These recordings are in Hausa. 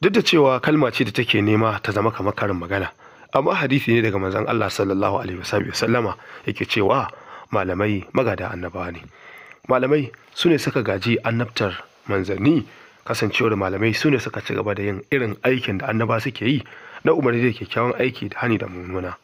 duk da cewa kalma ce da take nema ta zama kamar karin magana amma hadisi ne daga manzon Allah sallallahu alaihi wasallama yake cewa malamai magada annabawa ne malamai su ne suka gaji annabtar manzanni kasancewar malamai su ne suka ci gaba da yin irin aikin da annaba suke yi na umarni da kyakkyawan aiki da hani da mummuna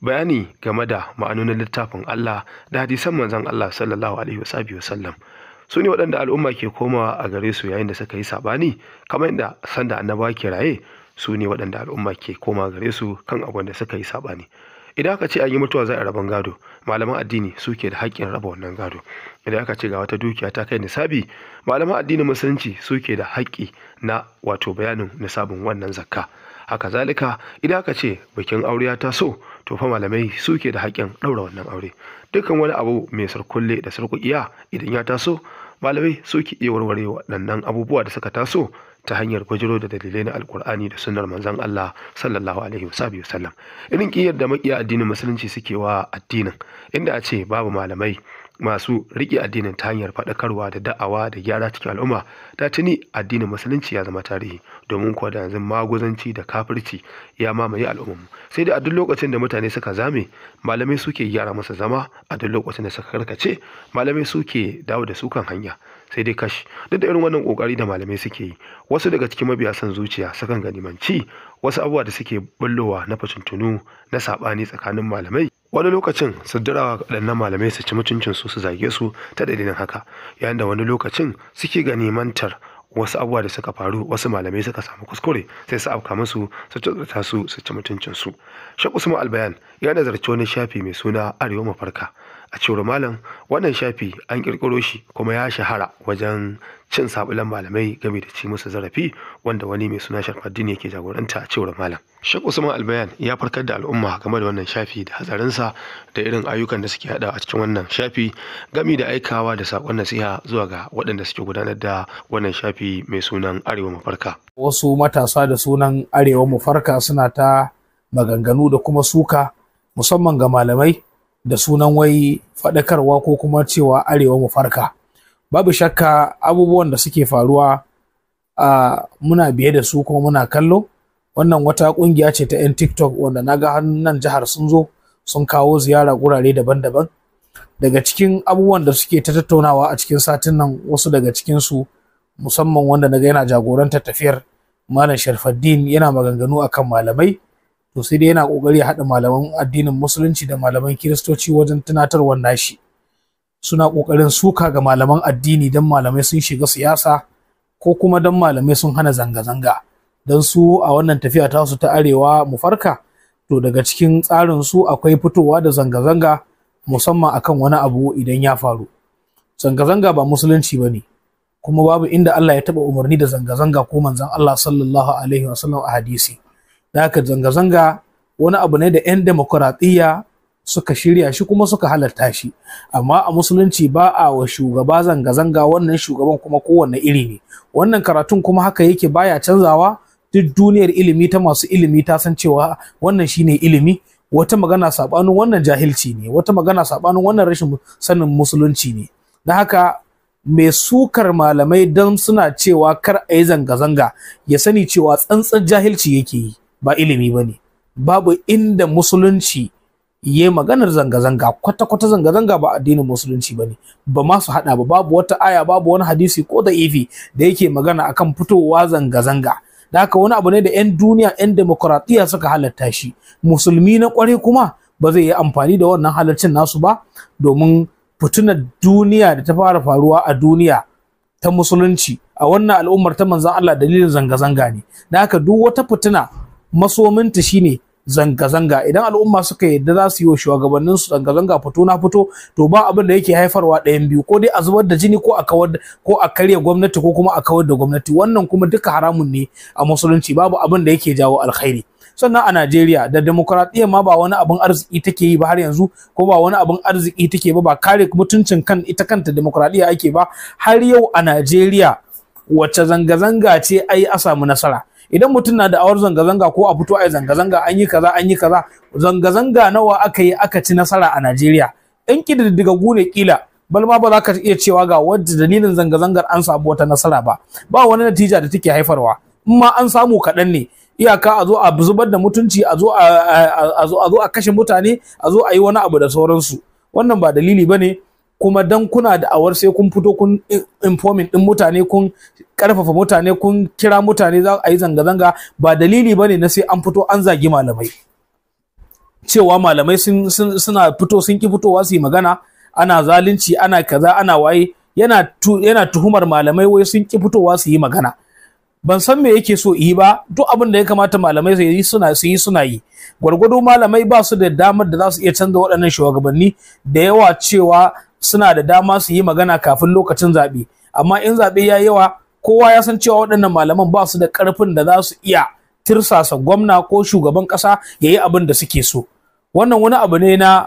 bayani game da ma'anonin littafin Allah da hadisan manzon Allah sallallahu alaihi wasallam su ne waɗanda al'umma ke komawa a gare su yayin da suka yi saɓani kamar yadda sanda annabawa ke raye su ne waɗanda al'umma ke koma gare su kan abin da suka yi saɓani idan aka ce an yi mutuwa za a rabon gado malaman addini suke da haƙƙin raba wannan gado idan aka ce ga wata dukiya ta kai nisabi malaman addinin musulunci suke da haƙƙi na wato bayanin nisabin wannan zakka haka zalika idan aka ce bikin aure ya taso to fa malamai suke da haƙƙin ɗaura wannan aure dukkan wani abu mai sarkulle da sarkuƙiya idan ya taso malamai suke iya warware waɗannan abubuwa da suka taso ta hanyar gujiro da dalilai na alkur'ani da sunnar manzon Allah sallallahu alaihi wa sallam irin kiyar da makiya addinin musulunci suke wa addinin inda a ce babu malamai masu riƙe addinin ta hanyar faɗakarwa da da'awa da gyara cikin al'umma ta tuni addinin musulunci ya zama tarihi domin kuwa da yanzu maguzanci da kafirci ya mamaye al'ummarmu sai dai a duk lokacin da mutane suka zame malamai suke gyara masa zama a duk lokacin da suka karkace malamai suke dawo da su kan hanya sai dai kashi duk da irin wannan kokari da malamai suke yi wasu daga cikin mabiya son zuciya sukan ganimanci wasu abubuwa da suke bullowa na fatuntunu na saɓani tsakanin malamai wani lokacin su dirawa waɗannan malamai su ci mutuncin su su zage su ta dalilin haka yayin da wani lokacin suke ganimantar wasu abubuwa da suka faru wasu malamai suka samu kuskure sai su afka musu su tsorata su su ci mutuncinsu shek usman albayan ya nazarci wani shafi mai suna arewa mafarka a cewar malam wannan shafi an kirkiro shi kuma ya shahara wajen cin sabulan malamai game da ci musu zarafi wanda wani mai suna sharfaddin yake jagoranta a cewar malam shek Usman Albayan ya farkar da al'umma game da wannan shafi da hatsarinsa da irin ayyukan da suke hada a cikin wannan shafi gami da aikawa da sakon nasiha zuwa ga waɗanda suke gudanar da wannan shafi mai sunan Arewa Mafarka. Wasu matasa da sunan Arewa Mafarka suna ta maganganu da kuma suka musamman ga malamai da sunan wai faɗakarwa ko kuma cewa arewa mu farka babu shakka abubuwan da suke faruwa a muna biye da su kuma muna kallo wannan wata ƙungiya ce ta 'yan tiktok wanda naga hannun jihar sun zo sun kawo ziyara gurare daban-daban daga cikin abubuwan da suke ta tattaunawa a cikin satin nan wasu daga cikinsu musamman wanda na ga yana jagorantar tafiyar malam sharfaddin yana maganganu akan malamai to sai dai yana kokari ya haɗa malaman addinin musulunci da malaman kiristoci wajen tunatarwar nashi suna kokarin suka ga malaman addini don malamai sun shiga siyasa ko kuma don malamai sun hana zanga-zanga don su a wannan tafiya ta su ta arewa mu farka to daga cikin tsarin su akwai fitowa da zanga-zanga musamman akan wani abu idan ya faru zanga-zanga ba musulunci ba ne kuma babu inda Allah ya taɓa umarni da zanga-zanga ko manzon Allah sallallahu alaihi wasallam a hadisi da haka zanga-zanga wani abu ne da 'yan demokuraɗiyya suka shirya shi kuma suka halarta shi amma a musulunci ba a wa shugaba zanga-zanga wannan shugaban kuma kowanne iri ne wannan karatun kuma haka yake baya canzawa duk duniyar ilimi ta masu ilimi ta san cewa wannan shine ilimi wata magana sabanin wannan jahilci ne wata magana sabanin wannan rashin sanin musulunci ne don haka mai sukar malamai don suna cewa kar a yi zanga-zanga ya sani cewa tsantsan jahilci yake yi ba ilimi ba ne babu inda musulunci ya maganar zanga-zanga kwata-kwata zanga-zanga ba addinin musulunci ba ne ba ma haɗa ba babu wata aya babu wani hadisi ko da ifi da yake magana akan fitowa zanga-zanga da haka wani abu ne da 'yan duniya 'yan demokuraɗiyya suka halatta shi musulmi na ƙware kuma ba zai yi amfani da wannan halarcin nasu ba domin fitunar duniya da ta fara faruwa a duniya ta musulunci a wannan al'ummar ta manzan Allah dalilin zanga-zanga ne da haka duk wata fituna masominta shine zanga-zanga idan al'umma suka yadda za su yi wa shugabannin su zanga-zanga fito na fito to ba abin da yake haifarwa ɗayan biyu ko dai a zubar da jini ko a kawar ko a karya gwamnati ko kuma a kawar da gwamnati wannan kuma duka haramun ne a musulunci babu abin da yake jawo alkhairi sannan a Najeriya da demokradiyya ma ba wani abin arziki take yi ba har yanzu ko ba wani abin arziki take ba ba kare mutuncin kan ita kanta demokradiyya ake ba har yau a Najeriya wacce zanga-zanga ce ai a samu nasara idan mutum na da awar zanga-zanga ko a fito a zanga-zanga an yi kaza an yi kaza zanga-zanga nawa aka yi aka ci nasara a Najeriya in kididdigaggu ne kila bal ma ba za ka iya cewa ga wadda dalilin zanga-zangar an samu wata nasara ba ba wani natija da take haifarwa in ma an samu kaɗan ne iyaka a zo a zubar da mutunci a zo a kashe mutane a zo a yi wani abu da sauransu wannan ba dalili ba ne kuma dan kuna da awar sai kun fito kun informing din mutane kun karfafa mutane kun kira mutane za a yi zanga-zanga ba dalili bane na sai an fito an zagi malamai cewa malamai suna fito sun ki fitowa su yi magana ana zalunci ana kaza ana waye yana yana tuhumar malamai wai sun ki fitowa su yi magana ban san me yake so yi ba duk abin da ya kamata malamai su yi suna su yi suna yi gwargwado malamai ba su da damar da za su iya canza waɗannan shugabanni da yawa cewa suna da dama su yi magana kafin lokacin zaɓe amma in zaɓe ya yawa kowa ya san cewa waɗannan malaman ba su da ƙarfin da za su iya tirsasa gwamna ko shugaban ƙasa ya yi abin da suke so wannan wani abu ne na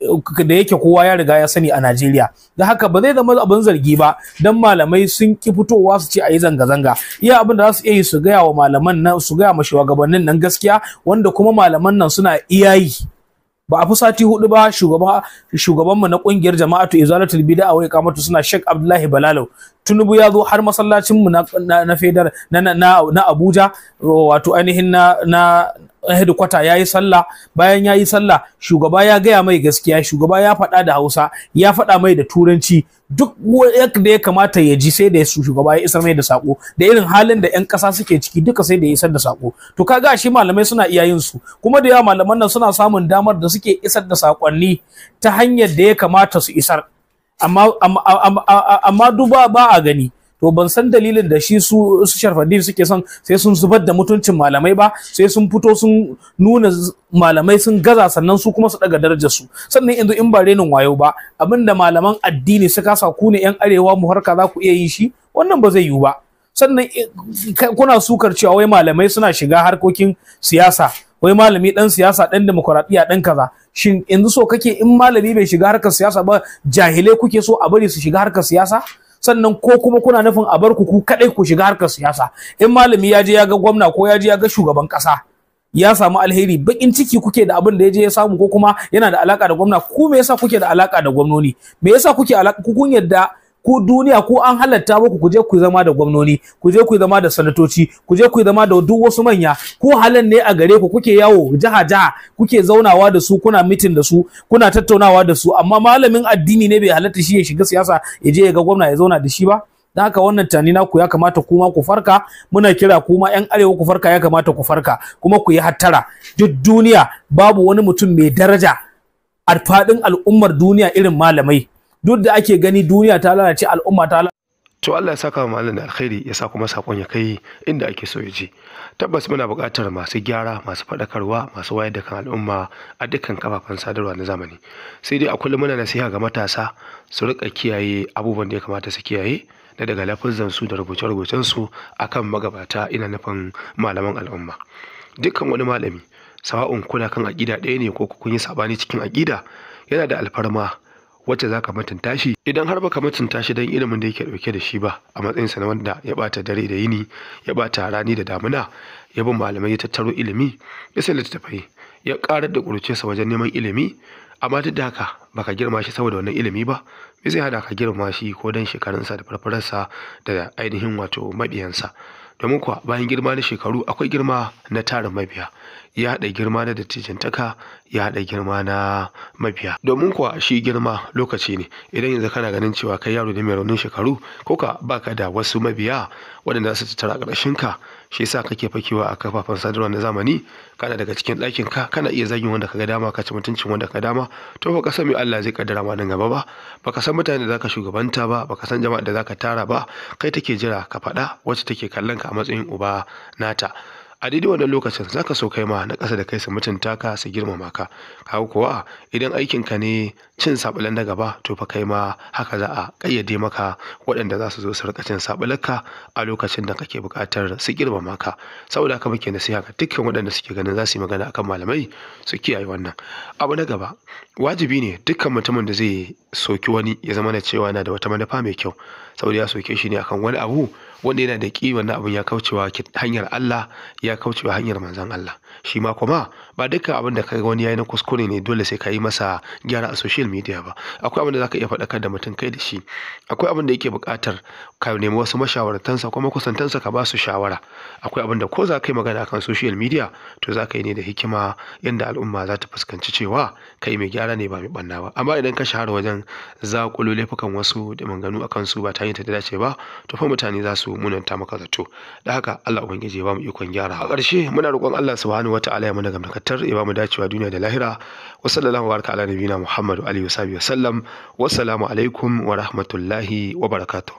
eh, da yake kowa ya riga ya sani a Najeriya da haka ba zai zama abin zargi ba dan malamai sun ki fitowa su ce a yi zanga-zanga iya abin da za su iya yi su gaya wa malaman nan su gaya ma shugabannin nan gaskiya wanda kuma malaman nan suna iyayi. ba a fi sati hudu ba shugaban mu na kungiyar jama'atu izalatul bid'a wa iqamatu suna Sheikh Abdullahi Balalau Tunubu ya zo har masallacin mu na na na na Abuja wato ainihin na Eh, hedikwata ya yi sallah bayan ya yi sallah shugaba ya gaya mai gaskiya shugaba ya faɗa da hausa ya faɗa mai da turanci duk da ya kamata ya ji sai da ya shugaba ya isar mai da sako da irin halin da 'yan ƙasa suke ciki duka sai da ya isar da sako to kaga shi malamai suna iya yin su kuma da yawa malaman nan suna samun damar da suke isar da sakonni ta hanyar da ya kamata su isar amma amma duba ba a gani to ban san dalilin da shi su su sharfadin suke son sai sun zubar da mutuncin malamai ba sai sun fito sun nuna malamai sun gaza sannan su kuma su daga darajar su sannan yanzu in ba renin wayo ba abinda malaman addini suka sa ku ne yan arewa mu harka za ku iya yin shi wannan ba zai yiwu ba sannan eh, kuna sukar cewa wai malamai suna shiga harkokin siyasa wai malami dan siyasa dan demokradiya dan kaza shin yanzu so kake in malami bai shiga harkar siyasa ba jahilai kuke so a bari su shiga harkar siyasa sannan ko kuma kuna nufin a barku ku ku kadai ku shiga harkar siyasa in malami ya je ya ga gwamna ko ya je ya ga shugaban kasa ya samu alheri bakin ciki kuke da abin da ya je ya samu ko kuma yana da alaka da gwamna ku me yasa kuke da alaka da gwamnoni me yasa kuke alaka ku kun yadda ku duniya ku an halatta muku ku je ku zama da gwamnoni ku je ku zama da sanatoci ku je ku zama da duk wasu manya ku halan ne a gare ku kuke yawo jaha jaha kuke zaunawa da su kuna mitin da su kuna tattaunawa da su amma malamin addini ne bai halatta shi ya shiga siyasa ya je ya ga gwamna ya zauna da shi ba dan haka wannan tani ku ya kamata ku ma ku farka muna kira ku ma yan arewa ku farka ya kamata ku farka kuma ku yi hattara duk duniya babu wani mutum mai daraja a faɗin al'ummar duniya irin malamai duk da ake gani duniya ta lalace al'umma ta to Allah ya saka wa malam da alkhairi ya sa kuma sakon ya kai inda ake so ya je tabbas muna buƙatar masu gyara masu faɗakarwa masu wayar da kan al'umma a dukkan kafafen sadarwa na zamani sai dai a kullum muna nasiha ga matasa su rika kiyaye abubuwan da ya kamata su kiyaye da daga lafazan su da rubuce-rubucen su akan magabata ina nufin malaman al'umma dukkan wani malami sawa'un kuna kan aƙida ɗaya ne ko kun yi sabani cikin aƙida yana da alfarma wacce ka mutunta shi idan har baka mutunta shi dan ilimin da yake dauke da shi ba a matsayin sa na wanda ya bata dare da yini ya bata rani da damuna ya bin malamai ya tattaro ilimi ya sai littattafai ya karar da ƙuruciyarsa wajen neman ilimi amma duk da haka baka girma shi saboda wannan ilimi ba me zai hada ka girma shi ko dan shekarunsa da farfararsa da ainihin wato mabiyansa domin kuwa bayan girma na shekaru akwai girma na tarin mabiya ya haɗa girma na dattijantaka ya haɗa girma na mafiya domin kuwa shi girma lokaci ne idan yanzu kana ganin cewa kai yaro ne mai raunin shekaru ko ka baka da wasu mabiya waɗanda za su tara ƙarshen ka shi yasa kake fakewa a kafafen sadarwa na zamani kana daga cikin ɗakin ka kana iya zagin wanda ka ga dama ka ci mutuncin wanda ka dama to ba ka mai Allah zai kaddara ma nan gaba ba baka san mutane da zaka shugabanta ba baka san jama'a da zaka tara ba kai take jira ka faɗa wacce take kallon ka a matsayin uba nata a daidai wannan lokacin zaka ka so kai ma na ƙasa da kai su mutunta ka su girmama ka kawo kuwa idan aikin ka ne cin sabulan na gaba to fa kai ma haka za a ƙayyade maka waɗanda za su zo su rika cin ka a lokacin da kake buƙatar su girmama ka saboda haka muke nasiha ga dukkan waɗanda suke ganin za su yi magana akan malamai su kiyaye wannan abu na gaba wajibi ne dukkan mutumin da zai soki wani ya zama na cewa yana da wata manufa mai kyau saboda ya soke shi ne akan wani abu wanda yana da ƙi wannan abin ya kaucewa hanyar Allah ya kaucewa hanyar manzon Allah shi ma kuma ba duka abin da ka wani yayi na kuskure ne dole sai ka yi masa gyara a social media ba akwai abin da zaka iya faɗakar da mutum kai da shi akwai abin da yake buƙatar ka nemi wasu mashawartansa kuma kusantansa ka ba su shawara akwai abin da ko za ka yi magana kan social media to za ka yi ne da hikima inda al'umma za ta fuskanci cewa kai mai gyara ne ba mai ɓanna ba amma idan ka shahara wajen za ku laifukan wasu da manganu a kansu ba ta yin ta dace ba to fa mutane za su munanta maka zato da haka Allah ubangiji ya ba mu ikon gyara a ƙarshe muna roƙon Allah subhanahu wataala ya mana gamdaka tabbatar ya bamu dacewa duniya da lahira wa sallallahu baraka ala nabiyina muhammadu alihi wa sallam alaikum wa rahmatullahi wa barakatuh